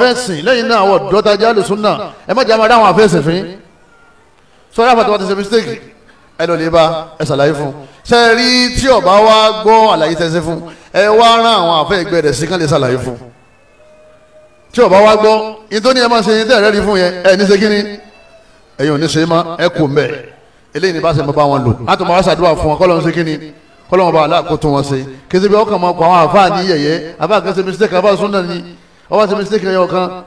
fẹ́sìn lẹ́yìn náà àwọn dọ́ta jálù súnà ẹ má jẹ́ àwọn aráwọn afẹ́sìn fín sọ́ra àfàtà wa ti ṣe mistake ẹ lọ lè ba ẹ ṣàlàyé fún ṣe rí tí ọba wa gbọ́ àlàyé tẹ́sí fún ẹ wá rán àwọn àfẹ́ ìgbẹ́ rẹ̀ sí kán lè ṣàlàyé fún tí ọba wa gbọ́ ìtòní ẹ máa ṣe yín tẹ́ẹ̀rẹ́ rí fún yẹn ẹ ní ṣe kíní ẹ̀yin ò ní ṣe má ẹ kò mẹ́ eléyìí ní bá ṣe mọ́ bá wọn lò á tún máa ṣàdúrà fún wọn kọ́lọ́n ṣe kíní kọ́lọ́n ọba aláàkótó wọn ṣe kí ṣe bí ọkàn máa kọ àwọn àfáà ní yẹ̀yẹ́ àfáà kẹsẹ̀ mistake àfáà súnà ni ọwọ́ sí mistake ẹ̀yọ kan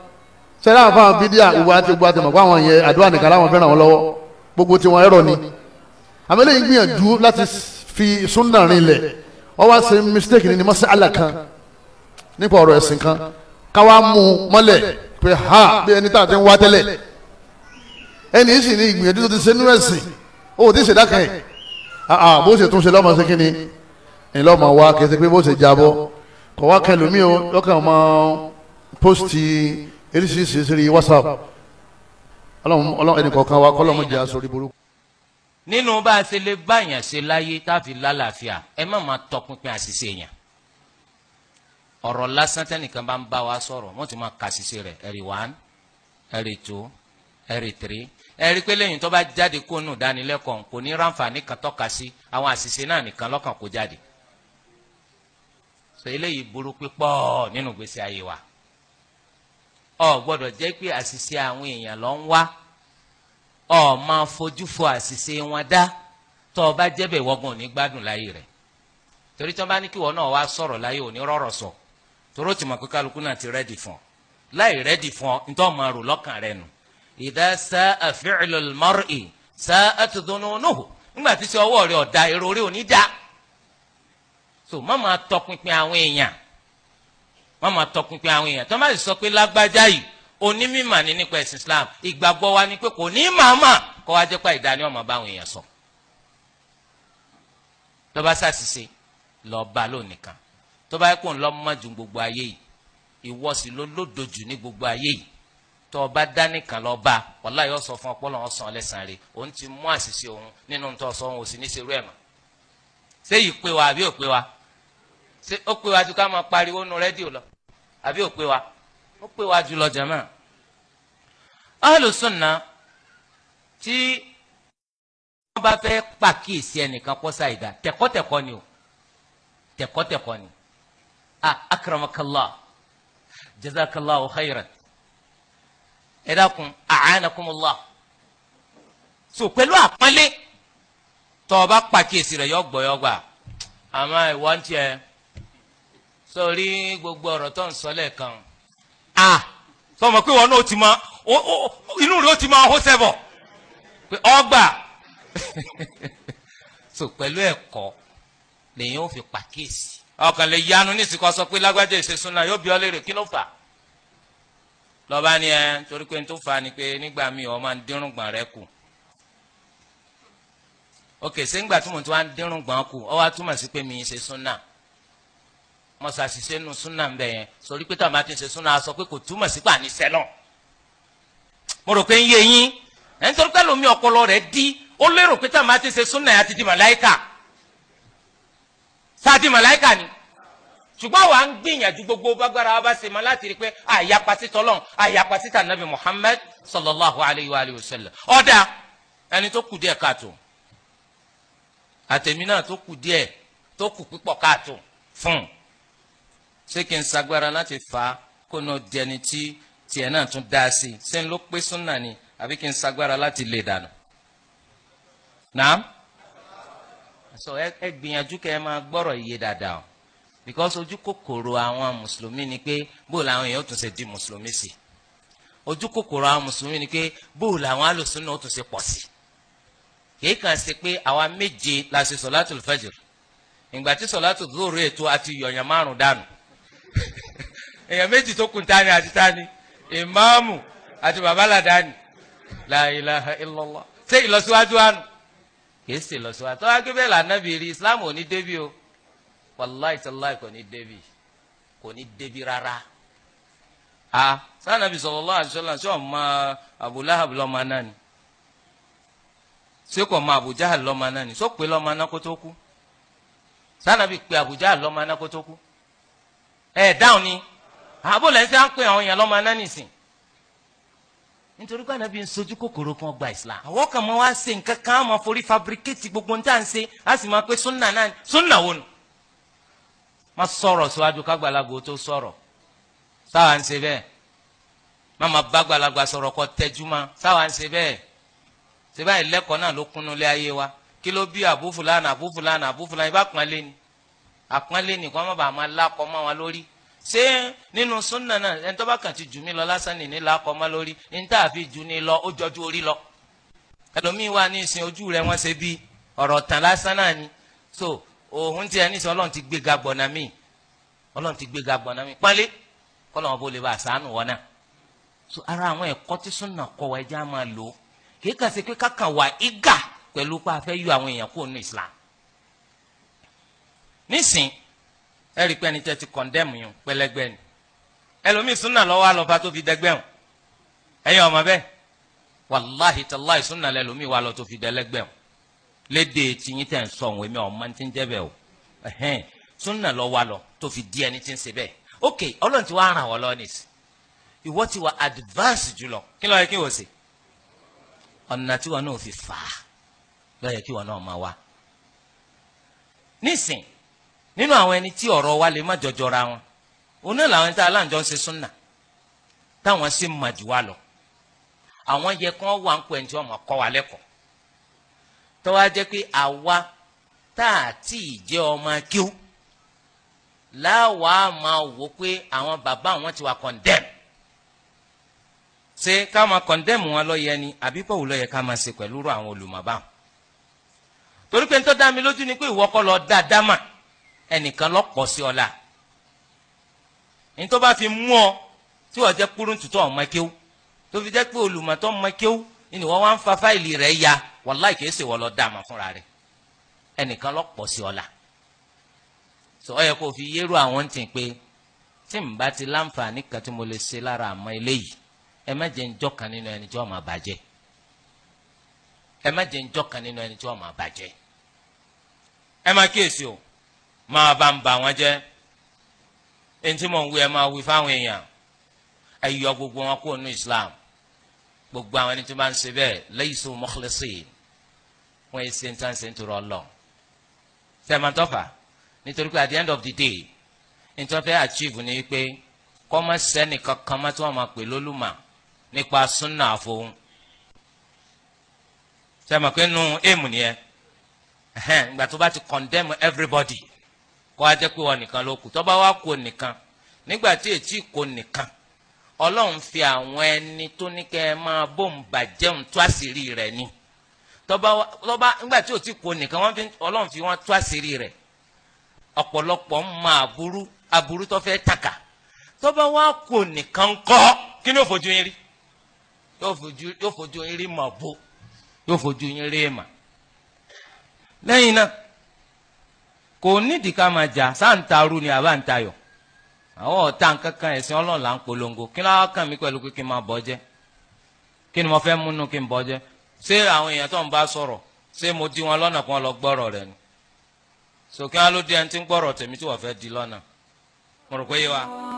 sẹ́lá àfáà bídíà ìwà àti ìgbà àti mọ̀pá àwọn yẹn àdúrà nìkan láwọn fẹ́ràn wọn lọ́wọ́ gbogbo tiwọn ẹ̀rọ ni àmì lẹ́yìn gbìyànjú láti fi súnà rinlẹ̀ ọwọ́ sí mistake ni mas'ala kan nípa ọ̀rọ̀ ẹ̀sìn kan káwá mú mọ́lẹ̀ pé ha bí ẹni tá a ti ń wá tẹ́lẹ̀ ẹni yìí sì ní ìgbìyànjú tó ti ṣe nínú ẹ̀sìn ó ti ṣèdá kan yìí bó ṣe tún ṣe lọ́mọ ṣe kí ni ìlọ́mọ wa kì í ṣe pé bó ṣe jábọ́ kọ̀ wá kẹlòmíì o lọ́kàn máa pósìtì eríṣiríṣi sí whatsapp ọlọ́run ẹnì kọ̀ọ̀kan wa kọ́lọ́mù jẹ́ aṣọ orí burúkú. nínú bá a ṣe lè báyàn ṣe láyé tá a fi lálàáfíà ẹ má máa tọpinpin àṣìṣe èèyàn ọ̀rọ̀ lásán tẹ́nìkan bá ń bá wa sọ̀rọ̀ wọ́n ti máa ka àṣìṣe rẹ̀ ẹ̀rì one ẹ̀rì two ẹ̀rì three ẹ̀rí pé lẹ́yìn tó bá jáde kó nù dánilẹ́kọ̀ọ́ kò ní ráǹfààní kan tọ́ka sí àwọn àṣìṣe náà nìkan lọ́kàn kó jáde. sọ eléyìí burú pípọ̀ nínú ìgbésí ayé wa ọ gbọ́dọ̀ jẹ́ pé àṣìṣe àwọn èèyàn ló ń wá ọ máa fojú fo àṣìṣe wọn dá tó o bá jẹ́bẹ̀ wọ́gbọ̀n ní gbádùn láyé rẹ̀ torí tí wọ́n bá ní kí wọ́n náà wá sọ̀rọ̀ láyé òní rọ̀rọ̀ sọ toró tìmọ̀ pé kálukú náà ti rẹ́dì fún ọ láì rẹ́dì fún ọ nítorí ọmọ rò lọ́kàn rẹ nù ìdá sá àfihàn mọ́rì sá àtúndúnúhù nígbà tí sọ ọwọ́ rẹ ọ̀dà èrò rẹ òní dá so má máa tọpinpin àwọn èèyàn wọ́n máa tọpinpin àwọn èèyàn tó má sì sọ pé lágbájá yìí onímọ̀ ni nípa ẹ̀sìn Islam ìgbàgbọ́ wa ni pé kò ní màmá kó wá jẹ́ pé ìdání ọmọ bá àwọn èèyàn sọ. tó bá ṣàṣìṣe lọ bá lónìkan tó bá yẹ kó ń lọ mọ́ ju gbogbo ayé yìí ìwọ sì ló lódojù ní gbogbo ayé yìí tó o bá dá nìkan lọ bá wàlá yóò sọ fún ọpọlọ ọsàn ọlẹsàn rẹ òun ti mú àṣìṣe òun nínú tó sọ òun ò sì ní ṣerú ẹ̀ mọ́ ṣé yìí pé wa àbí ò pé wa ṣé ó pé wa ju ká máa pariwo nu rédíò lọ àbí ò pé wa ó pé wa jùlọ jàmá ahlu sunna tí wọ́n bá fẹ́ pàkíyèsí ẹnìkan kọ́ ṣàìdá tẹ̀kọ́tẹ̀kọ́ ni o tẹ̀kọ́tẹ̀kọ́ ni a ah, akramakallah jazakallahu khairan ẹ dákun so pẹ̀lú àpọ́nlé tọ́ ọ bá pàkíyèsí rẹ̀ yọ gbọ́ yọ gbà àmọ́ sórí gbogbo ọ̀rọ̀ tó ń sọ lẹ́ẹ̀kan a sọmọ pé wọn náà ti máa inú rẹ ó ti máa hó sẹ́bọ̀ pé ọgbà so pẹ̀lú ẹ̀kọ́ lèyìn ó fi pàkíyèsí ọkàn lè yanu ní ìsìnkú sọ pé lágbájá ìṣesúná yóò bí ọ léèrè kí ló fà lọ́ba ni ẹ torí pé n tó fà ni pé nígbà míì ọ máa ń dínrùngbọ̀n rẹ kù ok ṣé ńgbà tí mo ti wá ń dínrùngbọ̀n kù ọ wá túmọ̀ sí pé mi ṣe mo ṣàṣìṣe nu súnà ń bẹ yẹn sórí pé táwọn bá ti ṣe súnà sọ pé kò túmọ̀ sí pàní sẹ́lọ̀ mo rò pé ń yé yín ẹni tó pẹ́ lómi ọpọlọ rẹ̀ dí ó lérò pé táwọn bá ti ṣe súnà yẹn àti di màláìkà sáàdì màláìkà ni ṣùgbọ́n wa ń gbìyànjú gbogbo bágbára wa bá ṣe mọ láti rí i pé àyàpá sí tọ́lọ́n àyàpá sí tànàbí Muhammad sallallahu alayhi wa alihi wa sallam ọ̀dà ẹni tó kù díẹ̀ káàtó àtẹ̀mí náà tó kù díẹ̀ tó kù pípọ̀ káàtó fún un ṣé kí n sagbára láti fà á kó náà di ẹni tí tiẹ̀ náà tún dá sí i ṣé n ló pé súnà ni àbí kí n sagbára láti lè dànù. naam sọ ẹ gbìyànjú kẹ ẹ máa gbọ́rọ̀ iye dáadáa o because ojú kòkòrò àwọn mùsùlùmí ni pé bóò làwọn èèyàn tún ṣe di mùsùlùmí sí ojú kòkòrò àwọn mùsùlùmí ni pé bóò làwọn alòsùn náà tún ṣe pọ̀ sí kìí kàn ṣe pé àwa méje la ṣe sọ̀látùl fajr ìgbà tí sọ̀látùl zuhri ètò àti yọ̀yàn márùn-ún dànù èèyàn méjì tó kù tani àti tani ìmáàmù àti babaládàáni la ilaha illallah ṣé ìlọsíwájú àná kìí ṣe ìlọsíwájú tó wá gbé bẹ́ẹ̀ lànà bìí rí islam ò ní débi o wàláì sàláì kò ní débi kò ní débi rárá a sànàbì sallallahu alaihi wasallam ṣé ọmọ Abu Lahab lọmọ náà ni ṣé kò mọ Abu Jahal lọmọ náà ni sọ pé náà kó tó kú sànàbì pé Abu Jahal náà kó tó kú ẹ dáhùn ni àbò lẹ́sẹ̀ a ń pè àwọn èèyàn lọ́mọ aná nìsín nítorí pé ànábì ń sojú kòkòrò kan gba islam. àwọn kan máa wá ṣe nǹkan kan á máa forí fabricate gbogbo ní tá à ń ṣe á sì máa pé sunna náà sunna wo nù. má sọ̀rọ̀ síwájú kágbàlagbà tó sọ̀rọ̀ sáwa ń ṣe bẹ́ẹ̀ má máa bá gbàlagbà sọ̀rọ̀ kọ tẹjúmọ́ sáwa ń ṣe bẹ́ẹ̀ ṣe báyìí lẹ́kọ̀ọ́ náà ló kúnnú lé ayé wa kí ló bí àbúfúlánà àbúfúlánà àbúfúlánà ibà pọ́nlé ni àpọ́nlé ni kọ́ ṣé nínú súnà na ẹni tó bá kàn ti jù mí lọ lásán nìní làákọ mọ lórí ní tá a fi jù ní lọ ó jọjú orí lọ ẹlòmíín wà ní ìsìn ojú rẹ wọn ṣe bí ọ̀rọ̀ tán lásán náà ni so òun tiẹ̀ ní sọ Ọlọ́run ti gbéga gbọnà mí Ọlọ́run ti gbéga gbọnà mí pálí kọlọmọ bó lè bá àṣàánù wọn náà so ara àwọn ẹ̀kọ́ tí súnà kọ́ wa ẹjẹ á máa lò ó kì í kà sí pé kákan wà ígà pẹ̀lú pé a fẹ́ yọ àwọn èèyàn kúrò ní Islam nísìnyí ẹ rí i pé ẹni tẹ́ ti kọ̀ndẹ́mù yìí pẹlẹgbẹ ni ẹlòmíì súnà lọ́wọ́ àlọ́ba tó fi dẹgbẹ̀hùn ẹ̀yin ọmọ bẹ́ẹ̀ wàláhì tàláhì súnà lẹ́lòmíì wà lọ́ tó fi dẹlẹ́gbẹ̀hùn léde tìyín tẹ̀ ń sọ òun èmi ọmọ ti ń jẹ́bẹ̀ o súnà lọ́wọ́ àlọ́ tó fi di ẹni tí ń ṣe bẹ́ẹ̀ ok ọlọ́run ti wá ràn wọ́n lọ́ọ́ nìsí ìwọ ti wà advance jùlọ kí ló yẹ kí wọ́n ṣe ọ̀nà tí wọn náà fi fà á ló yẹ kí wọn náà máa wá nísìnyí nínú àwọn ẹni tí ọ̀rọ̀ wa lè má jọjọra wọn òun náà làwọn tá aláǹjọ ń ṣe súnà táwọn sì mà jù wá lọ àwọn yẹ kán wà ń pọ ẹni tí wọn mọ kọ́ wa lẹ́kọ̀ọ́ tọwọ jẹ́ pé àwa tá a ti jẹ́ ọmọ kíw láwàá máa wò pé àwọn bàbá wọn ti wà condemn ṣé ká máa condemn wọn lọ ni àbí pọ̀ wò ká máa ṣe pẹ̀lú àwọn olùmọ̀ torí pé ń tọ́ da mi lójú ni pé ìwọ lọ dáadáa mà. Da, ẹnìkan lọ́pọ̀ sí ọ̀la ní tó bá fi mú ọ tí wọ́n jẹ́ kúrúntùtọ̀ ọmọ kéwú tó fi jẹ́ pé olùmọ̀tọ́ ọmọ kéwú ni wọ́n wá ń fa fáìlì rẹ̀ ya wàláì kìí ṣe wọ́n lọ dá àmọ́ fúnra rẹ̀ ẹnìkan lọ́pọ̀ sí ọ̀la sọ ọ yẹ kó fi yérú àwọn tì pé tí n bá ti láǹfààní kan tí mo lè ṣe lára àmọ́ eléyìí ẹ má jẹ́ njọ́ kan nínú ẹni tí wọ́n máa bàjẹ́ ẹ má jẹ́ njọ́ kan nínú ẹni tí wọ́n máa bàjẹ́ ẹ má kíyèsí o máa bá ń bà wọ́n jẹ́ eŋti mọ̀ ń wí ẹ máa wí fáwọn èèyàn ẹ gbogbo wọn kúrò ní Islam gbogbo àwọn ẹni tó bá ń ṣe bẹ́ẹ̀ laysu mukhlisin wọ́n yẹ ṣe ń tán ṣe ń lọ. sẹ́mọ̀tọ́fà nítorí pé at the end of the day ìtọ́fẹ́ achieve ni pé kọ́mọ sẹ́ni kankan má tí wọ́n máa pè lólùmọ̀ nípa súnà àfohùn. sẹ́mọ̀ pé nu èèmù nìyẹn ìgbà tó bá ti condemn everybody kó a jẹ́ pé wọn nìkan ló kù tọ́ba wa kó nìkan nígbà tí ètí kó nìkan ọlọ́run fi àwọn ẹni tó ní kẹ́ ẹ máa bóun bàjẹ́un tó àṣírí rẹ̀ ni tọ́ba tọ́ba nígbà tí òtí kó nìkan wọ́n fi ọlọ́run fi wọ́n tó àṣírí rẹ̀ ọ̀pọ̀lọpọ̀ ń ma aburú aburú tó fẹ́ tàkà tọ́ba wa kó nìkan kọ́ kí ni yóò fojú yín rí yóò fojú yín rí mà bó yóò fojú yín rí mà lẹ́yìn náà kò nídìí ká máa jà sáǹtarú ni àbá ń tayọ̀ àwọn ọ̀tá nkankan ẹ̀sìn ọlọ́run là ń polongo kí ló kàn mí pẹ̀lú pé kí n máa bọ́ jẹ́ kí ni mo fẹ́ múnú kí n bọ́ jẹ́ ṣé àwọn èèyàn tó ń bá sọ̀rọ̀ ṣé mo di wọn lọ́nà kan lọ gbọ́rọ̀ rẹ̀ ni sòkè wọn ló dé ẹni tí ń gbọ́rọ̀ tèmi tí wọ́n fẹ́ di lọ́nà mo rò pé yé wa.